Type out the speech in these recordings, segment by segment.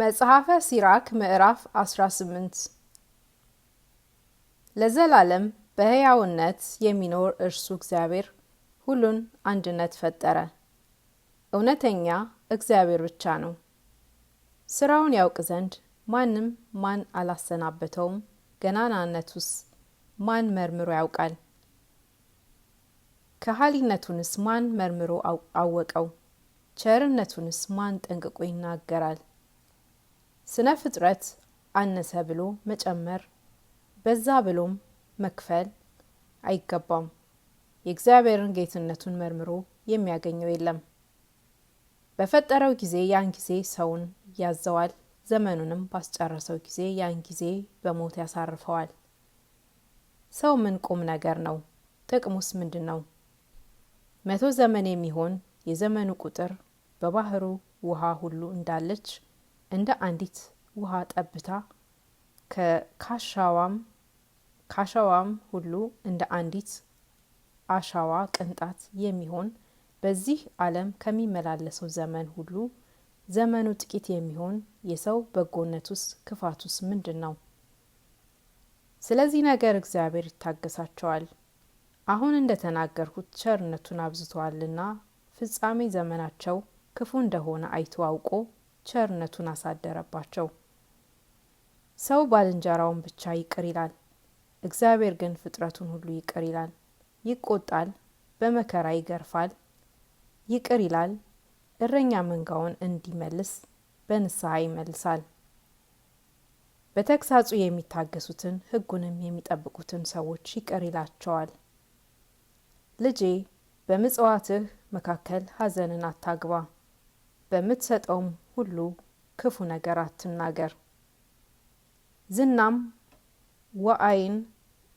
መጽሐፈ ሲራክ ምዕራፍ 18 ለዘላለም በሕያውነት የሚኖር እርሱ እግዚአብሔር ሁሉን አንድነት ፈጠረ። እውነተኛ እግዚአብሔር ብቻ ነው። ስራውን ያውቅ ዘንድ ማንም ማን አላሰናበተውም። ገናናነቱስ ማን መርምሮ ያውቃል? ከሀሊነቱንስ ማን መርምሮ አወቀው? ቸርነቱንስ ማን ጠንቅቆ ይናገራል? ስነ ፍጥረት አነሰ ብሎ መጨመር በዛ ብሎም መክፈል አይገባም። የእግዚአብሔርን ጌትነቱን መርምሮ የሚያገኘው የለም። በፈጠረው ጊዜ ያን ጊዜ ሰውን ያዘዋል፣ ዘመኑንም ባስጨረሰው ጊዜ ያን ጊዜ በሞት ያሳርፈዋል። ሰው ምን ቁም ነገር ነው? ጥቅሙስ ምንድን ነው? መቶ ዘመን የሚሆን የዘመኑ ቁጥር በባህሩ ውሃ ሁሉ እንዳለች እንደ አንዲት ውሃ ጠብታ ካሻዋም ሁሉ እንደ አንዲት አሻዋ ቅንጣት የሚሆን በዚህ ዓለም ከሚመላለሰው ዘመን ሁሉ ዘመኑ ጥቂት የሚሆን የሰው በጎነቱስ ክፋቱስ ምንድን ነው? ስለዚህ ነገር እግዚአብሔር ይታገሳቸዋል። አሁን እንደ ተናገርኩት ቸርነቱን አብዝተዋልና ፍጻሜ ዘመናቸው ክፉ እንደሆነ አይቶ አውቆ ቸርነቱን አሳደረባቸው። ሰው ባልንጀራውን ብቻ ይቅር ይላል፣ እግዚአብሔር ግን ፍጥረቱን ሁሉ ይቅር ይላል። ይቆጣል፣ በመከራ ይገርፋል፣ ይቅር ይላል። እረኛ መንጋውን እንዲመልስ በንስሐ ይመልሳል። በተግሳጹ የሚታገሱትን ሕጉንም የሚጠብቁትን ሰዎች ይቅር ይላቸዋል። ልጄ በምጽዋትህ መካከል ሐዘንን አታግባ። በምትሰጠውም ሁሉ ክፉ ነገር አትናገር። ዝናም ወአይን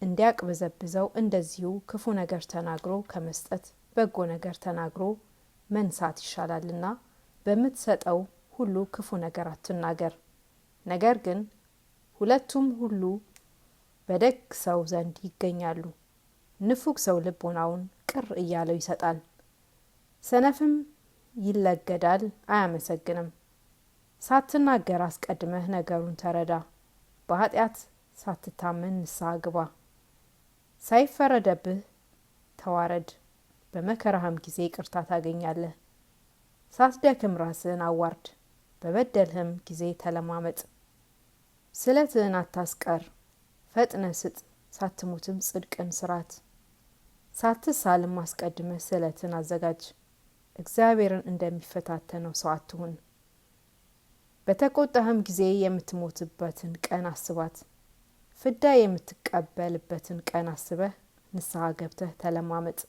እንዲያቅበዘብዘው እንደዚሁ ክፉ ነገር ተናግሮ ከመስጠት በጎ ነገር ተናግሮ መንሳት ይሻላልና በምትሰጠው ሁሉ ክፉ ነገር አትናገር። ነገር ግን ሁለቱም ሁሉ በደግ ሰው ዘንድ ይገኛሉ። ንፉግ ሰው ልቦናውን ቅር እያለው ይሰጣል፣ ሰነፍም ይለገዳል፣ አያመሰግንም። ሳትናገር አስቀድመህ ነገሩን ተረዳ። በኃጢአት ሳትታመን ንስሐ ግባ። ሳይፈረደብህ ተዋረድ፣ በመከራህም ጊዜ ቅርታ ታገኛለህ። ሳትደክም ራስህን አዋርድ፣ በበደልህም ጊዜ ተለማመጥ። ስለትህን አታስቀር፣ ፈጥነ ስጥ፣ ሳትሙትም ጽድቅን ስራት። ሳትሳልም አስቀድመህ ስለትን አዘጋጅ። እግዚአብሔርን እንደሚፈታተነው ሰው አትሁን። በተቆጣህም ጊዜ የምትሞትበትን ቀን አስባት። ፍዳ የምትቀበልበትን ቀን አስበህ ንስሐ ገብተህ ተለማመጥ።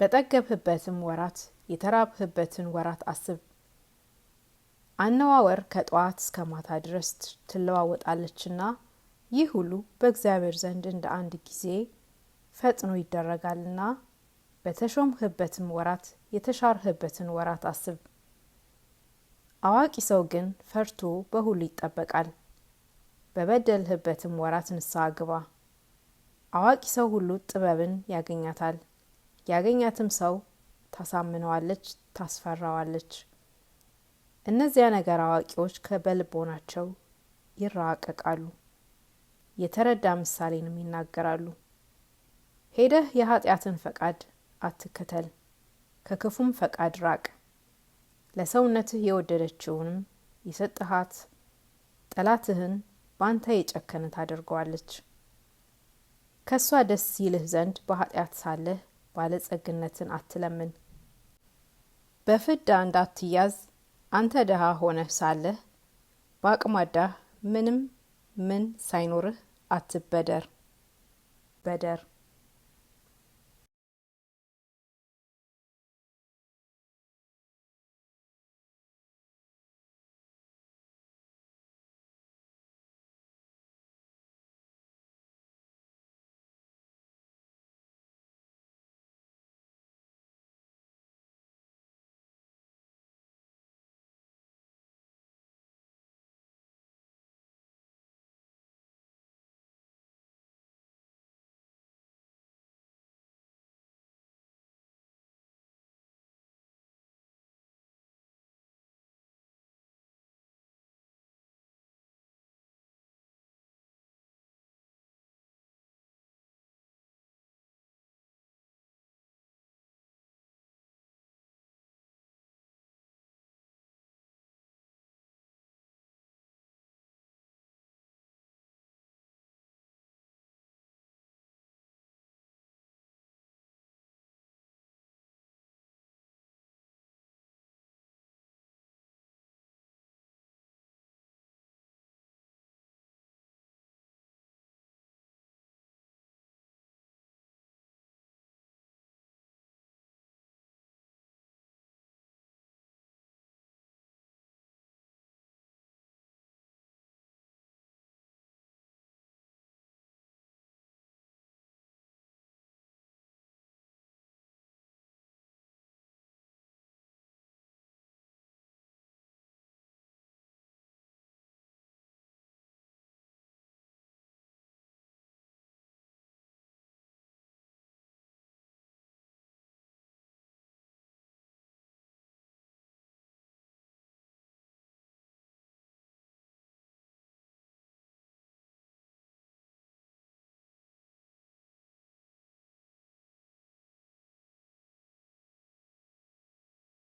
በጠገብህበትም ወራት የተራብህበትን ወራት አስብ። አነዋወር ከጠዋት እስከ ማታ ድረስ ትለዋወጣለችና ይህ ሁሉ በእግዚአብሔር ዘንድ እንደ አንድ ጊዜ ፈጥኖ ይደረጋልና በተሾምህበትም ወራት የተሻርህበትን ወራት አስብ። አዋቂ ሰው ግን ፈርቶ በሁሉ ይጠበቃል። በበደልህበትም ወራት ንስሐ ግባ። አዋቂ ሰው ሁሉ ጥበብን ያገኛታል፣ ያገኛትም ሰው ታሳምነዋለች፣ ታስፈራዋለች። እነዚያ ነገር አዋቂዎች ናቸው ይራቀቃሉ፣ የተረዳ ምሳሌንም ይናገራሉ። ሄደህ የኃጢአትን ፈቃድ አትከተል፣ ከክፉም ፈቃድ ራቅ። ለሰውነትህ የወደደችውንም የሰጠሃት ጠላትህን በአንተ የጨከነ ታደርገዋለች። ከእሷ ደስ ይልህ ዘንድ በኃጢአት ሳለህ ባለጸግነትን አትለምን። በፍዳ እንዳትያዝ አንተ ድሃ ሆነህ ሳለህ በአቅማዳህ ምንም ምን ሳይኖርህ አትበደር በደር